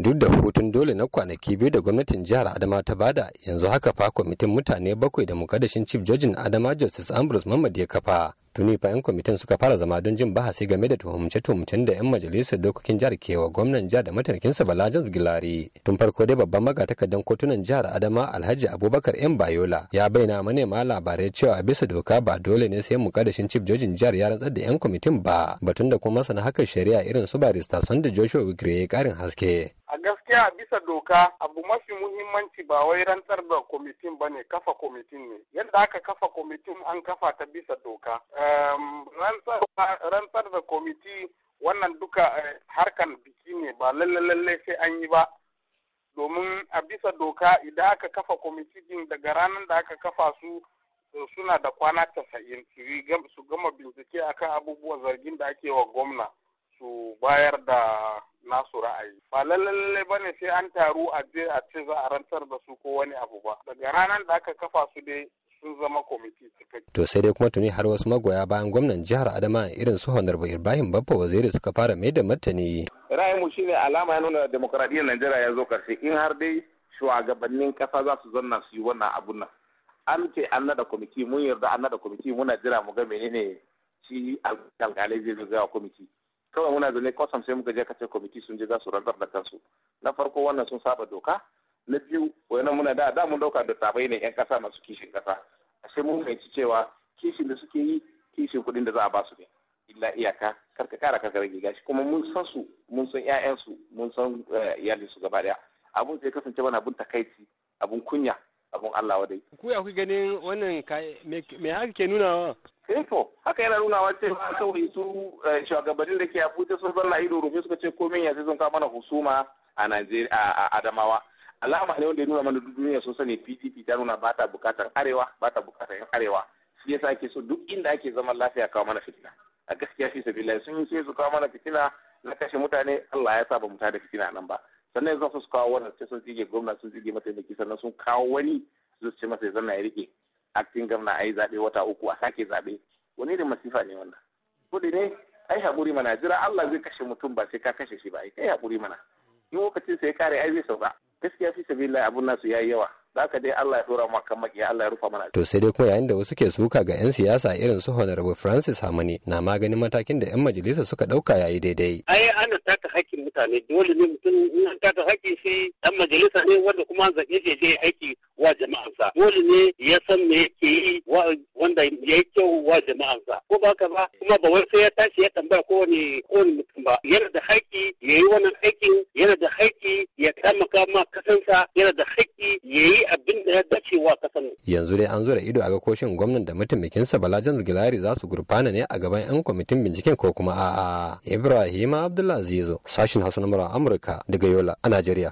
duk da hutun dole na kwanaki biyu da gwamnatin jihar adama ta bada yanzu haka fa kwamitin mutane bakwai da mukaddashin chief jojin adama justice ambrose mamad ya kafa tuni fa yan kwamitin suka fara zama don jin bahasi game da tuhumce-tuhumcen da yan majalisar dokokin jihar kewa gwamnan jihar da mataimakinsa bala james gilari tun farko dai babban magatakardan kotunan jihar adama alhaji abubakar yan bayola ya bayyana manema labarai cewa bisa doka ba dole ne sai mukaddashin chief jojin jihar ya rantsar da yan kwamitin ba batun da kuma masana hakan shari'a irin su barista sanda joshua wigre ya karin haske a gaskiya bisa doka abu mafi muhimmanci ba wai rantsar da kwamitin ba ne kafa kwamitin ne yadda aka kafa kwamitin an kafa ta bisa doka ehm, rantsar da kwamiti wannan duka eh, harkan biki ne ba lalle sai an yi ba domin a bisa doka idan aka kafa kwamiti din daga ranar da aka kafa su suna da kwana tasa'in su gama bincike akan abubuwan zargin da ake wa gwamna su bayar da nasu ra'ayi ba lalle ba ne sai an taru a je a ce za a rantar da su ko wani abu ba daga ranar da aka kafa su dai sun zama kwamiti cikakke. To sai dai kuma tuni har wasu magoya bayan gwamnan jihar Adama irin su Honorable Ibrahim Babba Waziri suka fara mai da martani. Ra'ayinmu shine alama ya nuna demokradiyyar Najeriya ya zo karshe in har dai shugabannin kasa za su zanna su yi wannan abun nan. An ce an nada kwamiti mun yarda an nada kwamiti muna jira mu ga menene shi alƙalai zai zo ga kwamiti. kawai muna zane kwasam sai muka je kace kwamiti sun je za su rantsar da kansu na farko wannan sun saba doka na biyu wannan muna da da mun dauka da tabai ne yan kasa masu kishin kasa sai mun fahimci cewa kishin da suke yi kishin kudin da za a ba su ne illa iyaka karka kara karka rage gashi kuma mun san su mun san ƴaƴan su mun san eh, iyalin su gaba daya abun sai kasance wani abun takaici abun kunya abun Allah wadai ku ya ku ganin wannan me haka ke nuna eh to haka yana nuna nunawa cewa kawai su eh, shugabannin da ke abuja sun zalla ido rufe suka ce komai ya sai sun kawo mana husuma a Najeriya a Adamawa alama ne wanda ya nuna mana duniya sun sani PDP ta nuna ba ta bukatar arewa ba ta bukatar yan arewa shi yasa ke so duk inda ake zaman lafiya kawo mana fitina a gaskiya fi sabilillahi sun yi sai su kawo mana fitina na kashe mutane Allah ya sa ba mu fitina nan ba sannan yanzu su kawo wannan sai sun tsige gwamna sun tsige mataimaki sannan sun kawo wani su ce masa ya zanna ya rike acting governor a yi zaɓe wata uku a sake zaɓe wani irin masifa ne wannan kuɗi ne ai haƙuri mana jira Allah zai kashe mutum ba sai ka kashe shi ba ai kai haƙuri mana in lokacin sai kare ai zai sauka gaskiya fi sabilillah abun nasu yi yawa zaka dai Allah ya dora mu kan maki Allah ya rufa mana to sai dai kuma yayin da wasu ke suka ga yan siyasa irin su Honorable Francis Hamani na maganin matakin da yan majalisa suka dauka yayi daidai ai ana taka hakkin mutane dole ne mutum in an taka hakkin shi. dan majalisa ne wanda kuma je je aiki wa jama'ansa dole ne ya san me yake yi wanda ya yi kyau wa jama'ansa ko ba ka ba kuma ba wai sai ya tashi ya tambaya kowane kowane mutum ba yana da haƙƙi ya yi wannan aikin yana da haƙƙi ya taimaka ma kasansa yana da haƙƙi ya yi abin da ya dace wa kasan yanzu dai an zura ido a ga koshin gwamnan da mataimakinsa Balajan Gilari za su gurfana ne a gaban 'yan kwamitin binciken ko kuma a'a Ibrahim abdullahi Zizo sashin Hausa na Amurka daga Yola a Najeriya